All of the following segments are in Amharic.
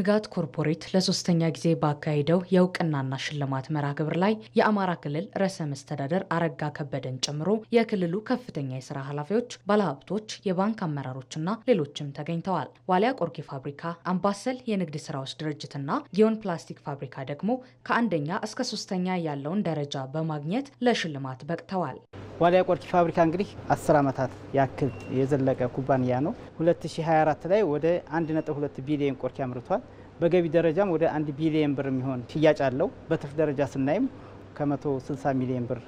ንጋት ኮርፖሬት ለሶስተኛ ጊዜ ባካሄደው የእውቅናና ሽልማት መርሃ ግብር ላይ የአማራ ክልል ርዕሰ መስተዳደር አረጋ ከበደን ጨምሮ የክልሉ ከፍተኛ የስራ ኃላፊዎች፣ ባለሀብቶች፣ የባንክ አመራሮችና ሌሎችም ተገኝተዋል። ዋሊያ ቆርኪ ፋብሪካ፣ አምባሰል የንግድ ስራዎች ድርጅትና ጊዮን ፕላስቲክ ፋብሪካ ደግሞ ከአንደኛ እስከ ሶስተኛ ያለውን ደረጃ በማግኘት ለሽልማት በቅተዋል። ዋልያ ቆርኪ ፋብሪካ እንግዲህ 10 ዓመታት ያክል የዘለቀ ኩባንያ ነው። 2024 ላይ ወደ 1.2 ቢሊዮን ቆርኪ አምርቷል። በገቢ ደረጃም ወደ 1 ቢሊዮን ብር የሚሆን ሽያጭ አለው። በትርፍ ደረጃ ስናይም ከ160 ሚሊዮን ብር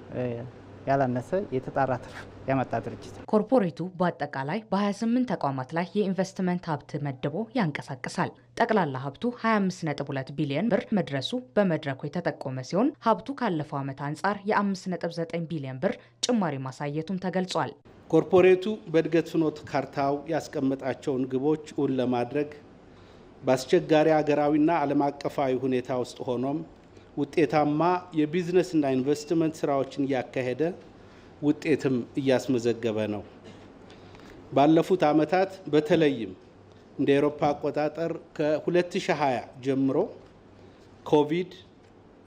ያላነሰ የተጣራ ትርፍ ያመጣ ድርጅት ነው። ኮርፖሬቱ በአጠቃላይ በ28 ተቋማት ላይ የኢንቨስትመንት ሀብት መድቦ ያንቀሳቅሳል። ጠቅላላ ሀብቱ 25.2 ቢሊዮን ብር መድረሱ በመድረኩ የተጠቆመ ሲሆን ሀብቱ ካለፈው ዓመት አንጻር የ5.9 ቢሊዮን ብር ጭማሪ ማሳየቱም ተገልጿል። ኮርፖሬቱ በእድገት ፍኖት ካርታው ያስቀመጣቸውን ግቦች እውን ለማድረግ በአስቸጋሪ ሀገራዊና ዓለም አቀፋዊ ሁኔታ ውስጥ ሆኖም ውጤታማ የቢዝነስና ኢንቨስትመንት ስራዎችን እያካሄደ ውጤትም እያስመዘገበ ነው። ባለፉት ዓመታት በተለይም እንደ ኤሮፓ አቆጣጠር ከ2020 ጀምሮ ኮቪድ፣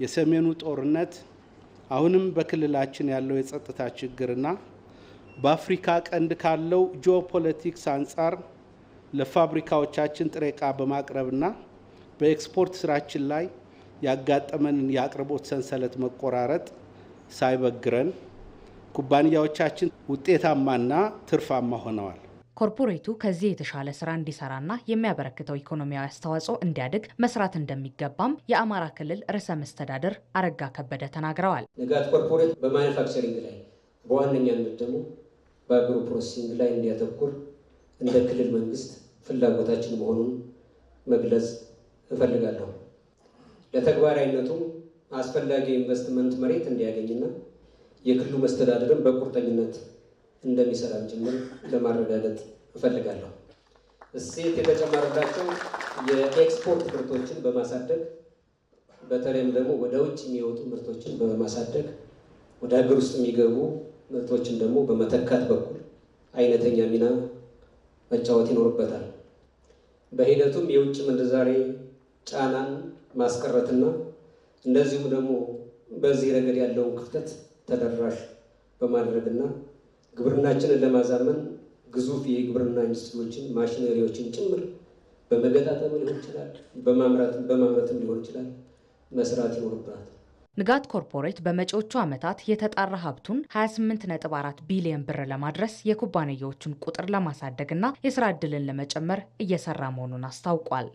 የሰሜኑ ጦርነት፣ አሁንም በክልላችን ያለው የጸጥታ ችግርና በአፍሪካ ቀንድ ካለው ጂኦፖለቲክስ አንጻር ለፋብሪካዎቻችን ጥሬ ዕቃ በማቅረብና በኤክስፖርት ስራችን ላይ ያጋጠመንን የአቅርቦት ሰንሰለት መቆራረጥ ሳይበግረን ኩባንያዎቻችን ውጤታማና ትርፋማ ሆነዋል። ኮርፖሬቱ ከዚህ የተሻለ ስራ እንዲሰራና የሚያበረክተው ኢኮኖሚያዊ አስተዋጽኦ እንዲያድግ መስራት እንደሚገባም የአማራ ክልል ርዕሰ መስተዳደር አረጋ ከበደ ተናግረዋል። ንጋት ኮርፖሬት በማኑፋክቸሪንግ ላይ በዋነኛነት ደግሞ በአግሮ ፕሮሴሲንግ ላይ እንዲያተኩር እንደ ክልል መንግስት ፍላጎታችን መሆኑን መግለጽ እፈልጋለሁ። ለተግባራዊነቱ አስፈላጊ የኢንቨስትመንት መሬት እንዲያገኝና የክልሉ መስተዳድርን በቁርጠኝነት እንደሚሰራም ጭምር ለማረጋገጥ እፈልጋለሁ። እሴት የተጨመረባቸው የኤክስፖርት ምርቶችን በማሳደግ በተለይም ደግሞ ወደ ውጭ የሚወጡ ምርቶችን በማሳደግ ወደ ሀገር ውስጥ የሚገቡ ምርቶችን ደግሞ በመተካት በኩል አይነተኛ ሚና መጫወት ይኖርበታል። በሂደቱም የውጭ ምንዛሬ ጫናን ማስቀረትና እንደዚሁም ደግሞ በዚህ ረገድ ያለውን ክፍተት ተደራሽ በማድረግና ግብርናችንን ለማዛመን ግዙፍ የግብርና ኢንዱስትሪዎችን ማሽነሪዎችን ጭምር በመገጣጠም ሊሆን ይችላል፣ በማምረትም ሊሆን ይችላል መስራት ይኖርብናል። ንጋት ኮርፖሬት በመጪዎቹ ዓመታት የተጣራ ሀብቱን 28.4 ቢሊዮን ብር ለማድረስ የኩባንያዎቹን ቁጥር ለማሳደግና የስራ ዕድልን ለመጨመር እየሰራ መሆኑን አስታውቋል።